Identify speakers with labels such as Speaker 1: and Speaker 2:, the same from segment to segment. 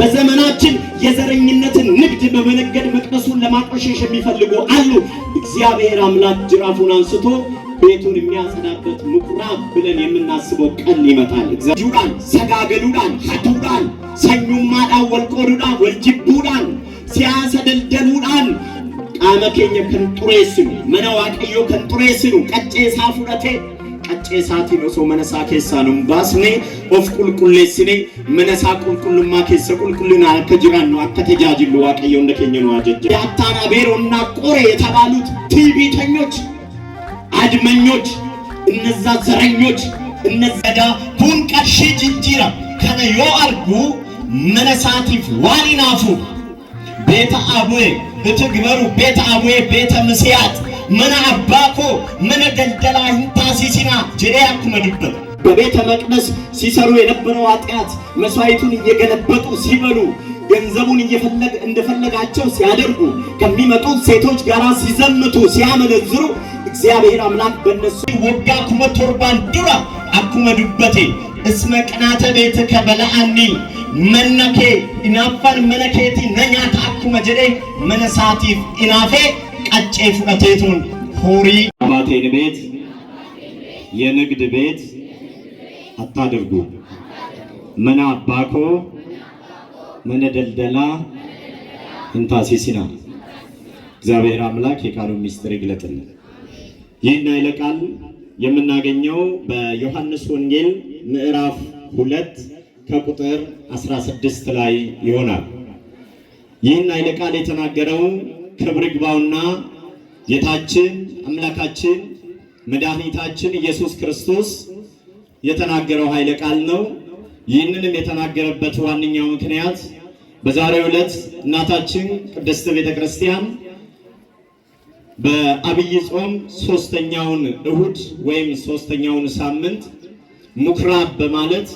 Speaker 1: በዘመናችን የዘረኝነትን ንግድ በመነገድ መቅደሱን ለማቆሸሽ የሚፈልጉ አሉ። እግዚአብሔር አምላክ ጅራፉን አንስቶ ቤቱን የሚያጸዳበት ምኩራብ ብለን የምናስበው ቀን ይመጣል። ጁዳን ሰጋገሉዳን ሀቱዳን ሰኙማዳን ወልቆዱዳን ወልጅቡዳን ሲያሰደልደሉዳን ቃመኬኘ ከንጡሬስኑ መነዋቀዮ ከንጡሬስኑ ቀጬ ሳፉረቴ ቀጨሳቲ ነው ሰው መነሳ ኬሳ ነው ባስኔ ኦፍ ቁልቁሌስኔ መነሳ ቁልቁልማ ኬሰ ቁልቁልና አተጅራን ነው አተተጃጅሉ ዋቀየው እንደከኘ ነው አጀጀ ያታና ቤሮና ቆሬ የተባሉት ትዕቢተኞች፣ አድመኞች፣ እነዛ ዘረኞች፣ እነዛ ቡንቀር ሺ ጅንጂራ ከነ መነሳቲፍ ዋሊናፉ ቤተ አቡዬ እትግበሩ ቤተ አቡዬ ቤተ ምስያት መነ አባኮ መነ ደልደላ ሂንታሲሲና ጀዴ አትመድበት በቤተ መቅደስ ሲሰሩ የነበረው ኃጢአት መስዋዕቱን እየገለበጡ ሲበሉ ገንዘቡን እየፈለግ እንደፈለጋቸው ሲያደርጉ ከሚመጡት ሴቶች ጋር ሲዘምቱ ሲያመነዝሩ እግዚአብሔር አምላክ በእነሱ ወጋ ኩመ ቶርባን ዱራ አኩመ እስመ ቅናተ ቤት ከበላአኒ መነኬ ኢናፋን መነኬቲ ነኛት አኩመ ጀዴ መነሳቲፍ ኢናፌ ቀጬ ፉቀቴቱን ሆሪ
Speaker 2: አባቴን ቤት የንግድ ቤት አታድርጉ። ምን አባኮ ምን ደልደላ እንታሲሲና እግዚአብሔር አምላክ የቃሉ ሚስጥር ይግለጥልን። ይህን ይለቃል የምናገኘው በዮሐንስ ወንጌል ምዕራፍ ሁለት ከቁጥር 16 ላይ ይሆናል። ይህን አይለ ቃል የተናገረው ክብር ግባውና ጌታችን አምላካችን መድኃኒታችን ኢየሱስ ክርስቶስ የተናገረው ኃይለ ቃል ነው። ይህንንም የተናገረበት ዋነኛው ምክንያት በዛሬው ዕለት እናታችን ቅድስት ቤተ ክርስቲያን በአብይ ጾም ሶስተኛውን እሁድ ወይም ሶስተኛውን ሳምንት ምኩራብ በማለት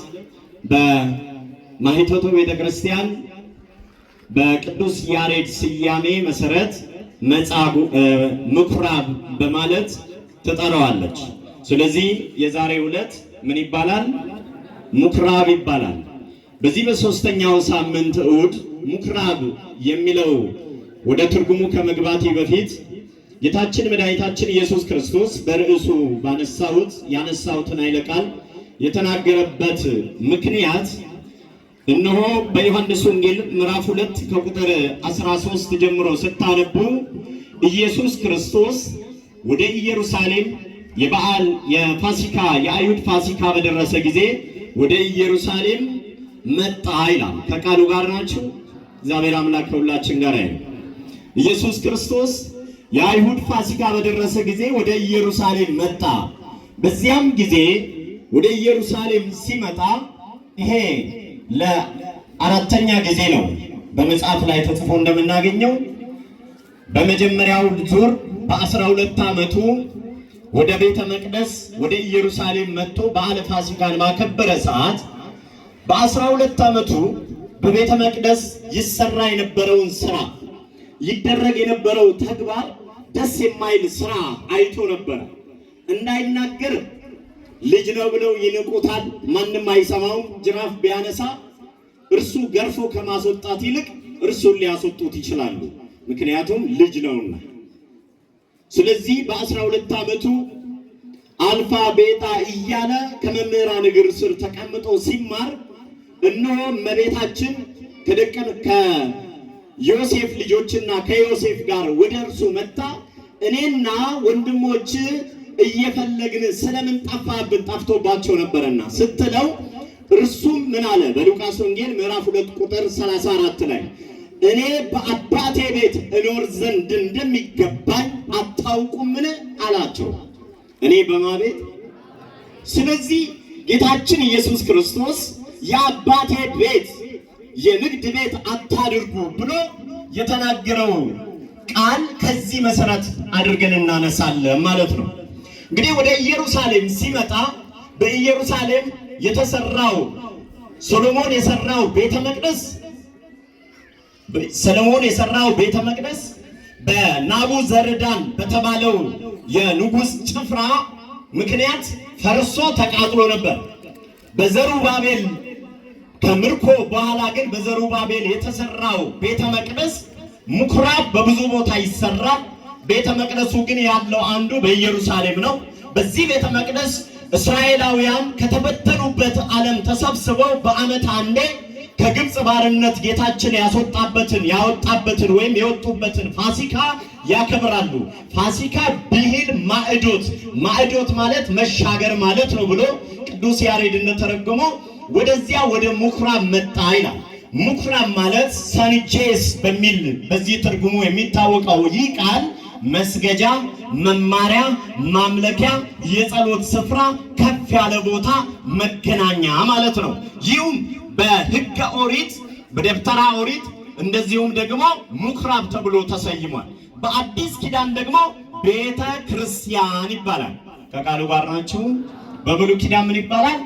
Speaker 2: በማኅቶቱ ቤተ ክርስቲያን በቅዱስ ያሬድ ስያሜ መሰረት ምኩራብ በማለት ትጠራዋለች። ስለዚህ የዛሬው ዕለት ምን ይባላል? ምኩራብ ይባላል። በዚህ በሶስተኛው ሳምንት እሑድ ምኩራብ የሚለው ወደ ትርጉሙ ከመግባቴ በፊት ጌታችን መድኃኒታችን ኢየሱስ ክርስቶስ በርዕሱ ባነሳሁት ያነሳሁትን አይለቃል የተናገረበት ምክንያት እነሆ በዮሐንስ ወንጌል ምዕራፍ ሁለት ከቁጥር 13 ጀምሮ ስታነቡ ኢየሱስ ክርስቶስ ወደ ኢየሩሳሌም የበዓል የፋሲካ የአይሁድ ፋሲካ በደረሰ ጊዜ ወደ ኢየሩሳሌም መጣ ይላል። ከቃሉ ጋር ናቸው። እግዚአብሔር አምላክ ከሁላችን ጋር ይሁን። ኢየሱስ ክርስቶስ የአይሁድ ፋሲካ በደረሰ ጊዜ ወደ ኢየሩሳሌም መጣ። በዚያም ጊዜ ወደ ኢየሩሳሌም ሲመጣ ይሄ ለአራተኛ ጊዜ ነው በመጽሐፍ ላይ ተጽፎ እንደምናገኘው በመጀመሪያው ዙር በአስራ ሁለት ዓመቱ ወደ ቤተ መቅደስ ወደ ኢየሩሳሌም መጥቶ በዓለ ፋሲካን ባከበረ ሰዓት በአስራ ሁለት ዓመቱ በቤተ መቅደስ ይሰራ የነበረውን ስራ ይደረግ የነበረው ተግባር ደስ የማይል ስራ አይቶ ነበረ። እንዳይናገር ልጅ ነው ብለው ይንቁታል። ማንም አይሰማውም። ጅራፍ ቢያነሳ እርሱ ገርፎ ከማስወጣት ይልቅ እርሱን ሊያስወጡት ይችላሉ። ምክንያቱም ልጅ ነውና። ስለዚህ በአስራ ሁለት ዓመቱ አልፋ ቤታ እያለ ከመምህራን እግር ስር ተቀምጦ ሲማር እነሆ እመቤታችን ከዮሴፍ ልጆችና ከዮሴፍ ጋር ወደ እርሱ መጣ። እኔና ወንድሞች እየፈለግን ስለምን ጠፋብን ጠፍቶባቸው ነበረና ስትለው እርሱም ምን አለ? በሉቃስ ወንጌል ምዕራፍ ሁለት ቁጥር 34 ላይ እኔ በአባቴ ቤት እኖር ዘንድ እንደሚገባኝ አታውቁምን አላቸው። እኔ በማ ቤት ስለዚህ ጌታችን ኢየሱስ ክርስቶስ የአባቴ ቤት የንግድ ቤት አታድርጉ ብሎ የተናገረው ቃል ከዚህ መሰረት አድርገን እናነሳለን ማለት ነው። እንግዲህ ወደ ኢየሩሳሌም ሲመጣ በኢየሩሳሌም የተሰራው ሶሎሞን የሰራው ቤተ መቅደስ ሰሎሞን የሰራው ቤተ መቅደስ በናቡ ዘርዳን በተባለው የንጉሥ ጭፍራ ምክንያት ፈርሶ ተቃጥሎ ነበር። ባቤል ከምርኮ በኋላ ግን በዘሩ ባቤል የተሰራው ቤተ መቅደስ ምኩራብ በብዙ ቦታ ይሰራል። ቤተ መቅደሱ ግን ያለው አንዱ በኢየሩሳሌም ነው። በዚህ ቤተ መቅደስ እስራኤላውያን ከተበተኑበት ዓለም ተሰብስበው በዓመት አንዴ ከግብፅ ባርነት ጌታችን ያስወጣበትን ያወጣበትን ወይም የወጡበትን ፋሲካ ያከብራሉ። ፋሲካ ብሂል ማዕዶት፣ ማዕዶት ማለት መሻገር ማለት ነው ብሎ ቅዱስ ያሬድ እንደተረጎመ ወደዚያ ወደ ምኩራብ መጣ ይላል። ምኩራብ ማለት ሰንቼስ በሚል በዚህ ትርጉሙ የሚታወቀው ይህ ቃል መስገጃ፣ መማሪያ፣ ማምለኪያ፣ የጸሎት ስፍራ፣ ከፍ ያለ ቦታ፣ መገናኛ ማለት ነው። ይህም በህገ ኦሪት በደብተራ ኦሪት እንደዚሁም ደግሞ ምኩራብ ተብሎ ተሰይሟል። በአዲስ ኪዳን ደግሞ ቤተ ክርስቲያን ይባላል። ከቃሉ ጋር ናችሁ። በብሉ ኪዳን ምን ይባላል?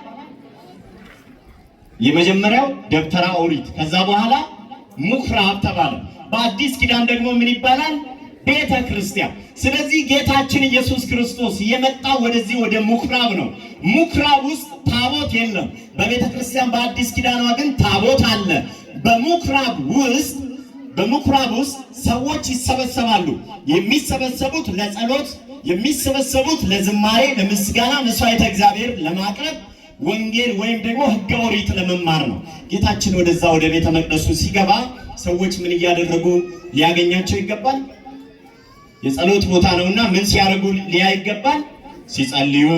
Speaker 2: የመጀመሪያው ደብተራ ኦሪት፣ ከዛ በኋላ ምኩራብ ተባለ። በአዲስ ኪዳን ደግሞ ምን ይባላል? ቤተ ክርስቲያን። ስለዚህ ጌታችን ኢየሱስ ክርስቶስ የመጣው ወደዚህ ወደ ምኩራብ ነው። ምኩራብ ውስጥ ታቦት የለም። በቤተ ክርስቲያን በአዲስ ኪዳኗ ግን ታቦት አለ። በምኩራብ ውስጥ በምኩራብ ውስጥ ሰዎች ይሰበሰባሉ። የሚሰበሰቡት ለጸሎት፣ የሚሰበሰቡት ለዝማሬ፣ ለምስጋና፣ መስዋዕተ እግዚአብሔር ለማቅረብ ወንጌል ወይም ደግሞ ሕገ ኦሪት ለመማር ነው። ጌታችን ወደዛ ወደ ቤተ መቅደሱ ሲገባ ሰዎች ምን እያደረጉ ሊያገኛቸው ይገባል? የጸሎት ቦታ ነውና ምን ሲያደርጉ ሊያ ይገባል? ሲጸልዩ።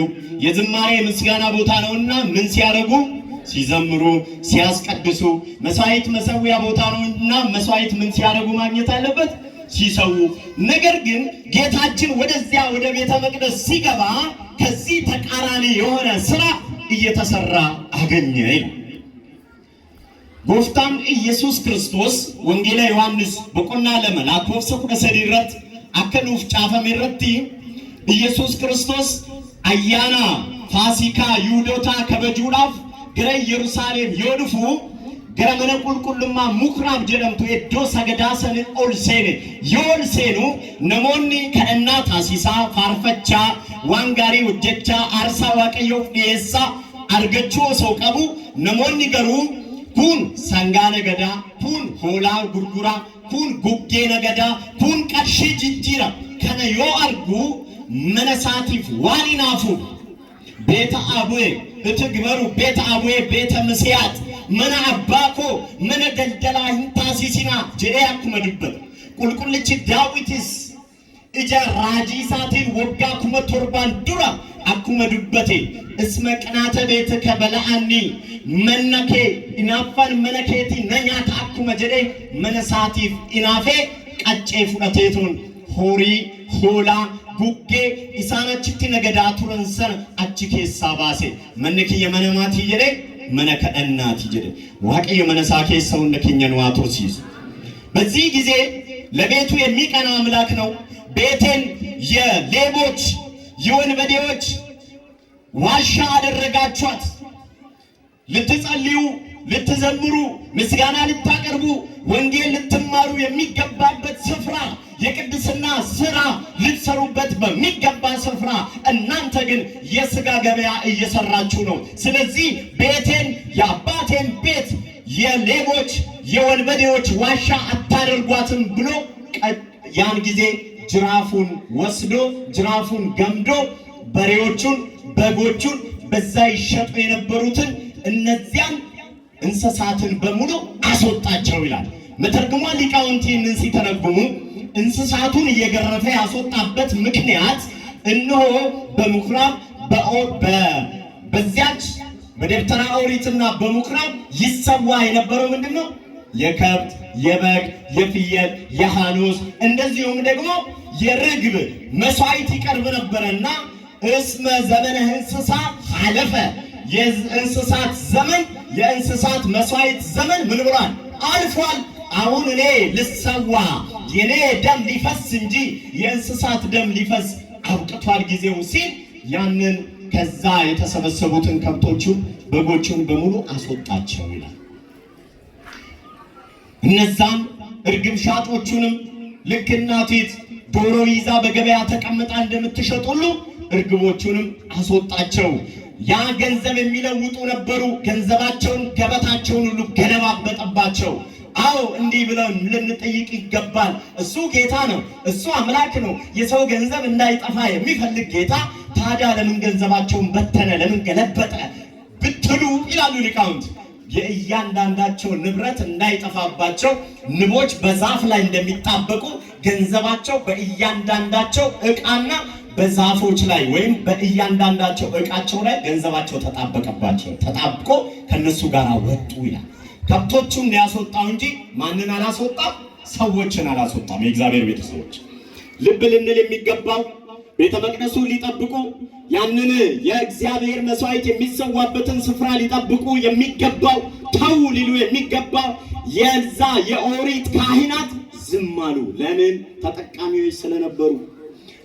Speaker 2: የዝማሬ ምስጋና ቦታ ነውና ምን ሲያደርጉ? ሲዘምሩ፣ ሲያስቀድሱ። መስዋዕት መሰዊያ ቦታ ነውና መስዋዕት ምን ሲያደርጉ ማግኘት አለበት? ሲሰዉ። ነገር ግን ጌታችን ወደዚያ ወደ ቤተ መቅደስ ሲገባ ከዚህ ተቃራኒ የሆነ ስራ እየተሰራ አገኘ። ጎፍታም ኢየሱስ ክርስቶስ ወንጌላ ዮሐንስ በቆና ለመላክ ወፍሰ ኩነሰ akkanuuf caafame irratti Iyyasuus Kiristoos ayyaana Faasiikaa Yihuudootaa kabajuudhaaf gara Yerusaalem yoo dhufu gara mana qulqullummaa Mukraab jedhamtu iddoo sagadaa sanin ol seene yoo ol seenu namoonni kadhannaa taasisaa, faarfachaa, waan gaarii hojjechaa, aarsaa waaqayyoof dhiyeessaa argachuu osoo qabu namoonni garuu kun sangaana gadaa, kun hoolaa gurguraa, ኩን ጉጌ ነገዳ ኩን ቀርሺ ጅጅራ ከነ ዮ አርጉ መነሳቲፍ isaatiif ቤተ አቡዬ እትግበሩ ቤተ አቡዬ ቤተ ምስያት ምን አባኮ ምን ደልደላ ሂንታሲሲና ጀዴ አኩመ ቁልቁልች ዳዊትስ እጀ ራጂሳቲን ወጋ ኩመ ቶርባን ዱራ አኩመ ዱበቴ እስመ ቅናተ ቤት ከበላአኒ መነኬ ኢናፋን መነኬቲ ነኛት አኩመ ጀዴ መነሳቲፍ ኢናፌ ቀጬ ፉደቴቱን ሆሪ ሆላ ጉጌ ኢሳናችቲ ነገዳ ቱረንሰን አቺ ኬሳ ባሴ መነኪ የመነማቲ ጀዴ መነከ እናቲ ጀዴ ዋቂ የመነሳ ኬሰው እንደከኛን ዋቶ ሲይዝ በዚህ ጊዜ ለቤቱ የሚቀና አምላክ ነው ቤቴን የሌቦች የወንበዴዎች ዋሻ አደረጋችኋት። ልትጸልዩ፣ ልትዘምሩ፣ ምስጋና ልታቀርቡ፣ ወንጌል ልትማሩ የሚገባበት ስፍራ የቅድስና ስራ ልትሰሩበት በሚገባ ስፍራ እናንተ ግን የስጋ ገበያ እየሰራችሁ ነው። ስለዚህ ቤቴን የአባቴን ቤት የሌቦች የወንበዴዎች ዋሻ አታደርጓትም ብሎ ያን ጊዜ ጅራፉን ወስዶ ጅራፉን ገምዶ በሬዎቹን፣ በጎቹን በዛ ይሸጡ የነበሩትን እነዚያን እንስሳትን በሙሉ አስወጣቸው ይላል። መተርጉማ ሊቃውንት ይህንን ሲተረጉሙ እንስሳቱን እየገረፈ ያስወጣበት ምክንያት እነሆ በምኩራብ በዚያች በደብተራ ኦሪትና በምኩራብ ይሰዋ የነበረው ምንድን ነው? የከብት የበግ የፍየል የሃኖስ እንደዚሁም ደግሞ የርግብ መስዋዕት ይቀርብ ነበረና እስመ ዘመነ እንስሳ አለፈ። የእንስሳት ዘመን የእንስሳት መስዋዕት ዘመን ምን ብሏል? አልፏል። አሁን እኔ ልሰዋ የኔ ደም ሊፈስ እንጂ የእንስሳት ደም ሊፈስ አውቅቷል ጊዜው ሲል ያንን ከዛ የተሰበሰቡትን ከብቶቹን በጎቹን በሙሉ አስወጣቸው ይላል። እነዛን እርግብ ሻጮቹንም ልክ እናቲት ዶሮ ይዛ በገበያ ተቀምጣ እንደምትሸጥ ሁሉ እርግቦቹንም አስወጣቸው። ያ ገንዘብ የሚለውጡ ነበሩ። ገንዘባቸውን ገበታቸውን ሁሉ ገለባበጠባቸው። አዎ እንዲህ ብለን ልንጠይቅ ይገባል። እሱ ጌታ ነው፣ እሱ አምላክ ነው። የሰው ገንዘብ እንዳይጠፋ የሚፈልግ ጌታ ታዲያ ለምን ገንዘባቸውን በተነ? ለምን ገለበጠ ብትሉ ይላሉ ሊቃውንት የእያንዳንዳቸው ንብረት እንዳይጠፋባቸው ንቦች በዛፍ ላይ እንደሚጣበቁ ገንዘባቸው በእያንዳንዳቸው እቃና በዛፎች ላይ ወይም በእያንዳንዳቸው እቃቸው ላይ ገንዘባቸው ተጣበቀባቸው ተጣብቆ ከነሱ ጋር ወጡ ይላል። ከብቶቹን ያስወጣው እንጂ ማንን አላስወጣም? ሰዎችን አላስወጣም። የእግዚአብሔር ቤተሰቦች ልብ ልንል የሚገባው ቤተ መቅደሱ ሊጠብቁ ያንን የእግዚአብሔር መስዋዕት የሚሰዋበትን ስፍራ ሊጠብቁ የሚገባው ተው ሊሉ የሚገባው የዛ የኦሪት ካህናት ዝም አሉ። ለምን? ተጠቃሚዎች ስለነበሩ።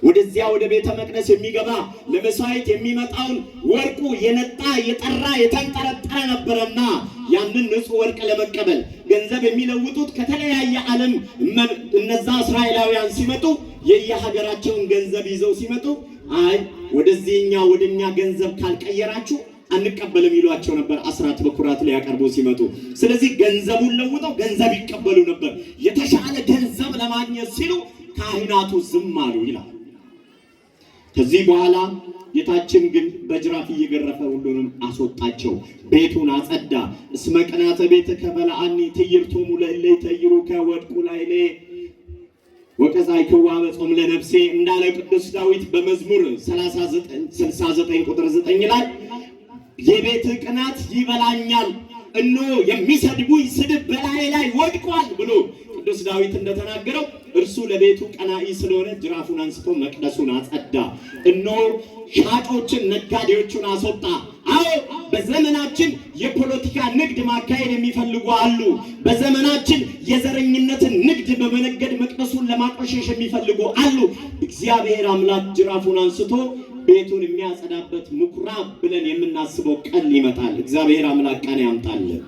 Speaker 2: ወደዚያ ወደ ቤተ መቅደስ የሚገባ ለመስዋዕት የሚመጣውን ወርቁ የነጣ የጠራ የተንጠረጠረ ነበረና ያንን ንጹሕ ወርቅ ለመቀበል ገንዘብ የሚለውጡት ከተለያየ ዓለም እነዛ እስራኤላውያን ሲመጡ የየሀገራቸውን ገንዘብ ይዘው ሲመጡ አይ ወደዚህኛ ወደኛ ገንዘብ ካልቀየራችሁ አንቀበልም ይሏቸው ነበር፣ አስራት በኩራት ሊያቀርቡ ሲመጡ። ስለዚህ ገንዘቡን ለውጠው ገንዘብ ይቀበሉ ነበር። የተሻለ ገንዘብ ለማግኘት ሲሉ ካህናቱ ዝም አሉ ይላል። ከዚህ በኋላ ጌታችን ግን በጅራፍ እየገረፈ ሁሉንም አስወጣቸው። ቤቱን አጸዳ። እስመ ቅናተ ቤት ከበላአኒ ትይርቶሙ ለእለ ከወድቁ ላይ ወከዛ ይክዋበ ለነፍሴ እንዳለ ቅዱስ ዳዊት በመዝሙር 69 ቁጥር 9 ላይ የቤት ቅናት ይበላኛል፣ እነሆ የሚሰድቡኝ ስድብ በላዬ ላይ ወድቋል ብሎ ቅዱስ ዳዊት እንደተናገረው እርሱ ለቤቱ ቀናኢ ስለሆነ ጅራፉን አንስቶ መቅደሱን አጸዳ፣ እነሆ ሻጮችን ነጋዴዎቹን አስወጣ። አዎ በዘመናችን የፖለቲካ ንግድ ማካሄድ የሚፈልጉ አሉ። በዘመናችን የዘረኝነትን ንግድ በመነገድ መቅደሱን ለማቆሸሽ የሚፈልጉ አሉ። እግዚአብሔር አምላክ ጅራፉን አንስቶ ቤቱን የሚያጸዳበት ምኩራብ ብለን የምናስበው ቀን ይመጣል። እግዚአብሔር አምላክ ቀን ያምጣልን።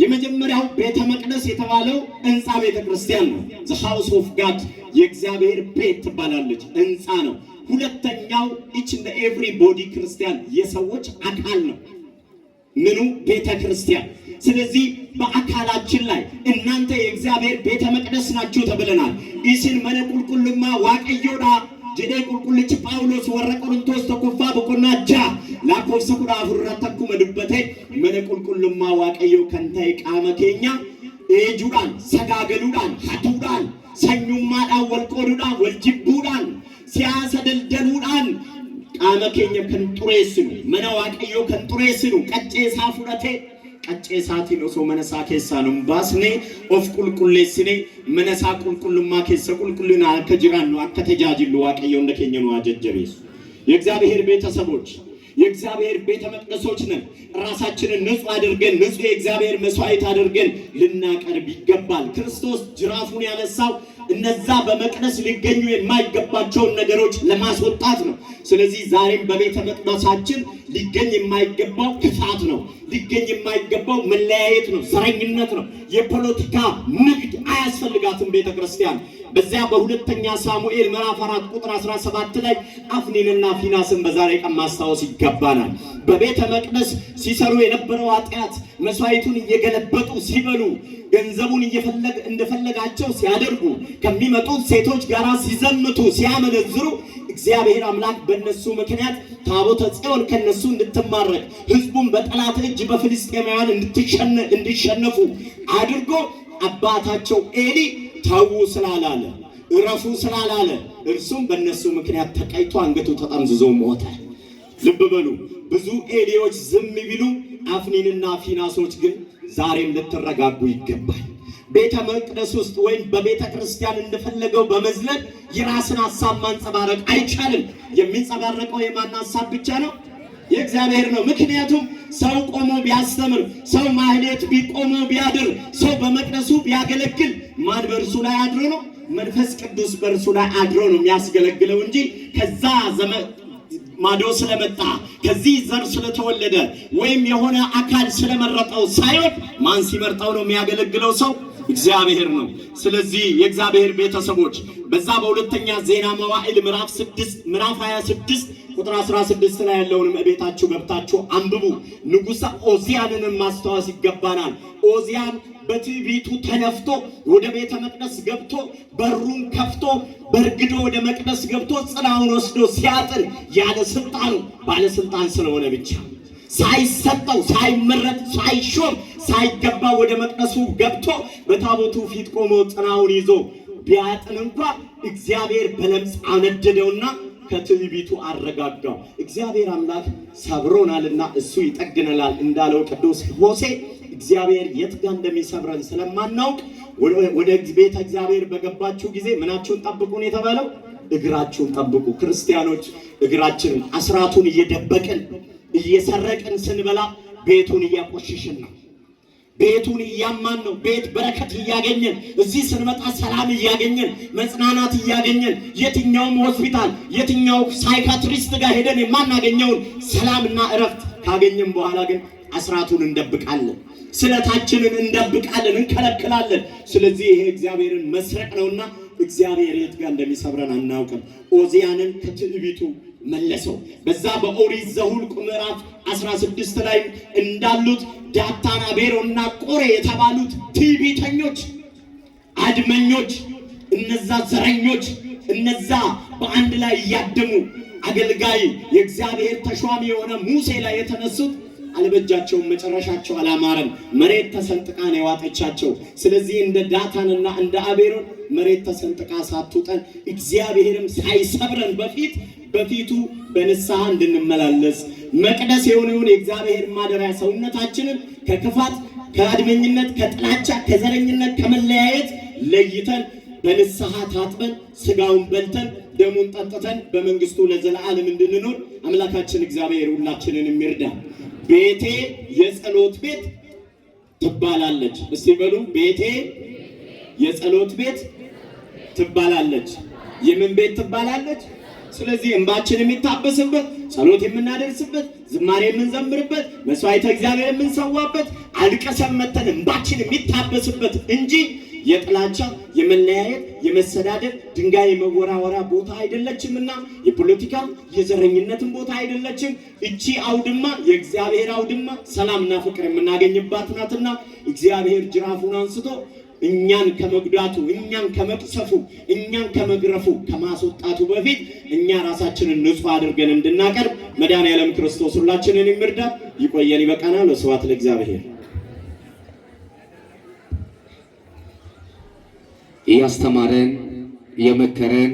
Speaker 2: የመጀመሪያው ቤተ መቅደስ የተባለው ህንፃ ቤተ ክርስቲያን ነው። ዘ ሃውስ ኦፍ ጋድ የእግዚአብሔር ቤት ትባላለች፣ ህንፃ ነው። ሁለተኛው ኢች ኤቭሪ ቦዲ ክርስቲያን የሰዎች አካል ነው። ምኑ ቤተ ክርስቲያን። ስለዚህ በአካላችን ላይ እናንተ የእግዚአብሔር ቤተ መቅደስ ናችሁ ተብለናል። መነ ቁልቁልማ ዋቀዮዳ ጅዴ ቁልቁልች ጳውሎስ ወረ ቆሮንቶስ ተኩፋ በቆና ጃ ላኮብሰ ኩዳ ተኩ ተኩመ መነ ቁልቁልማ ዋቀዮ ከንታ ቃመ ኬኛ ኤጁዳን ሰጋገሉዳን ሀቱዳን ሰኙማዳን ወልቆዱዳን ወልጅቡዳን ሲያሰደልደሉ ቃመ ኬኘ ከንጡሬስኑ መነ ዋቀዮ ከንጡሬስኑ ቀጨሳ ፉረቴ ቀጨሳቲን ኦሶ መነሳ ኬሳ ኑን ባስኔ ኦፍ ቁልቁሌስኔ መነሳ ቁልቁልማ ኬሰ ቁልቁልና አከ ነው አከ ዋቀዮ እንደ ኬኘ ነው አጀጀቤሱ የእግዚአብሔር ቤተሰቦች የእግዚአብሔር ቤተ መቅደሶች ነን። ራሳችንን ንጹህ አድርገን ንጹህ የእግዚአብሔር መስዋዕት አድርገን ልናቀርብ ይገባል። ክርስቶስ ጅራፉን ያነሳው እነዛ በመቅደስ ሊገኙ የማይገባቸውን ነገሮች ለማስወጣት ነው። ስለዚህ ዛሬም በቤተ መቅደሳችን ሊገኝ የማይገባው ክፋት ነው። ሊገኝ የማይገባው መለያየት ነው፣ ዘረኝነት ነው። የፖለቲካ ንግድ አያስፈልጋትም ቤተ ክርስቲያን በዚያ በሁለተኛ ሳሙኤል ምዕራፍ አራት ቁጥር 17 ላይ አፍኒንና ፊናስን በዛሬ ቀን ማስታወስ ይገባናል። በቤተ መቅደስ ሲሰሩ የነበረው ኃጢአት መስዋዕቱን እየገለበጡ ሲበሉ ገንዘቡን እየፈለግ እንደፈለጋቸው ሲያደርጉ ከሚመጡት ሴቶች ጋር ሲዘምቱ ሲያመነዝሩ እግዚአብሔር አምላክ በእነሱ ምክንያት ታቦተ ጽዮን ከነሱ እንድትማረክ ሕዝቡን በጠላት እጅ በፍልስጤማውያን እንዲሸነፉ አድርጎ አባታቸው ኤሊ ተዉ ስላላለ እረፉ ስላላለ እርሱም በእነሱ ምክንያት ተቀይቶ አንገቱ ተጠምዝዞ ሞተ። ልብ በሉ። ብዙ ኤሌዎች ዝም ቢሉ አፍኒንና ፊናሶች ግን ዛሬም ልትረጋጉ ይገባል። ቤተ መቅደስ ውስጥ ወይም በቤተ ክርስቲያን እንደፈለገው በመዝለል የራስን ሀሳብ ማንጸባረቅ አይቻልም። የሚንጸባረቀው የማን ሀሳብ ብቻ ነው? የእግዚአብሔር ነው። ምክንያቱም ሰው ቆሞ ቢያስተምር፣ ሰው ማህሌት ቢቆሞ ቢያድር፣ ሰው በመቅደሱ ቢያገለግል ማን በእርሱ ላይ አድሮ ነው? መንፈስ ቅዱስ በእርሱ ላይ አድሮ ነው የሚያስገለግለው እንጂ ከዛ ዘመ ማዶ ስለመጣ ከዚህ ዘር ስለተወለደ ወይም የሆነ አካል ስለመረጠው ሳይሆን ማን ሲመርጠው ነው የሚያገለግለው ሰው እግዚአብሔር ነው። ስለዚህ የእግዚአብሔር ቤተሰቦች በዛ በሁለተኛ ዜና መዋዕል ምዕራፍ 6 ምዕራፍ 26 ቁጥር 16 ላይ ያለውንም እቤታችሁ ገብታችሁ አንብቡ። ንጉሠ ኦዚያንንም ማስታወስ ይገባናል። ኦዚያን በትዕቢቱ ተነፍቶ ወደ ቤተ መቅደስ ገብቶ በሩን ከፍቶ በእርግዶ ወደ መቅደስ ገብቶ ጽናውን ወስዶ ሲያጥር ያለ ስልጣኑ ባለስልጣን ስለሆነ ብቻ ነው። ሳይሰጠው ሳይመረጥ ሳይሾም ሳይገባ ወደ መቅደሱ ገብቶ በታቦቱ ፊት ቆሞ ጥናውን ይዞ ቢያጥን እንኳ እግዚአብሔር በለምጽ አነደደውና ከትዕቢቱ አረጋጋው። እግዚአብሔር አምላክ ሰብሮናልና እሱ ይጠግነናል እንዳለው ቅዱስ ሆሴ እግዚአብሔር የት ጋ እንደሚሰብረን ስለማናውቅ ወደ ቤተ እግዚአብሔር በገባችሁ ጊዜ ምናችሁን ጠብቁን የተባለው። እግራችሁን ጠብቁ። ክርስቲያኖች እግራችንን አስራቱን እየደበቅን እየሰረቅን ስንበላ ቤቱን እያቆሸሽን ነው። ቤቱን እያማን ነው። ቤት በረከት እያገኘን እዚህ ስንመጣ ሰላም እያገኘን መጽናናት እያገኘን የትኛውም ሆስፒታል፣ የትኛው ሳይካትሪስት ጋር ሄደን የማናገኘውን ሰላምና እረፍት ካገኘን በኋላ ግን አስራቱን እንደብቃለን፣ ስለታችንን እንደብቃለን፣ እንከለክላለን። ስለዚህ ይሄ እግዚአብሔርን መስረቅ ነውና እግዚአብሔር የት ጋር እንደሚሰብረን አናውቅም። ኦዚያንን ከትዕቢቱ መለሰው። በዛ በኦሪት ዘኍልቍ ምዕራፍ 16 ላይ እንዳሉት ዳታና ቤሮና ቆሬ የተባሉት ትዕቢተኞች፣ አድመኞች፣ እነዛ ዘረኞች፣ እነዛ በአንድ ላይ እያደሙ አገልጋይ የእግዚአብሔር ተሿሚ የሆነ ሙሴ ላይ የተነሱት አልበጃቸውም፣ መጨረሻቸው አላማረም። መሬት ተሰንጥቃ ነው የዋጠቻቸው። ስለዚህ እንደ ዳታንና እንደ አቤሮን መሬት ተሰንጥቃ ሳትውጠን እግዚአብሔርም ሳይሰብረን በፊት በፊቱ በንስሐ እንድንመላለስ መቅደስ የሆነውን የእግዚአብሔር ማደሪያ ሰውነታችንን ከክፋት ከአድመኝነት፣ ከጥላቻ፣ ከዘረኝነት፣ ከመለያየት ለይተን በንስሐ ታጥበን ስጋውን በልተን ደሙን ጠጥተን በመንግስቱ ለዘላለም እንድንኖር አምላካችን እግዚአብሔር ሁላችንን የሚርዳ ቤቴ የጸሎት ቤት ትባላለች። እስቲ በሉ ቤቴ የጸሎት ቤት ትባላለች። የምን ቤት ትባላለች? ስለዚህ እንባችን የሚታበስበት ጸሎት የምናደርስበት ዝማሬ የምንዘምርበት መስዋዕተ እግዚአብሔር የምንሰዋበት መተን እንባችን የሚታበስበት እንጂ የጥላቻ የመለያየት፣ የመሰዳደር ድንጋይ የመወራወራ ቦታ አይደለችምና የፖለቲካ የዘረኝነትን ቦታ አይደለችም። እቺ አውድማ የእግዚአብሔር አውድማ ሰላምና ፍቅር የምናገኝባት ናትና እግዚአብሔር ጅራፉን አንስቶ እኛን ከመጉዳቱ እኛን ከመቅሰፉ እኛን ከመግረፉ ከማስወጣቱ በፊት እኛ ራሳችንን ንጹሕ አድርገን እንድናቀርብ መድኃኔዓለም ክርስቶስ ሁላችንን ይርዳን። ይቆየን። ይበቃናል። ስብሐት ለእግዚአብሔር። እያስተማረን እየመከረን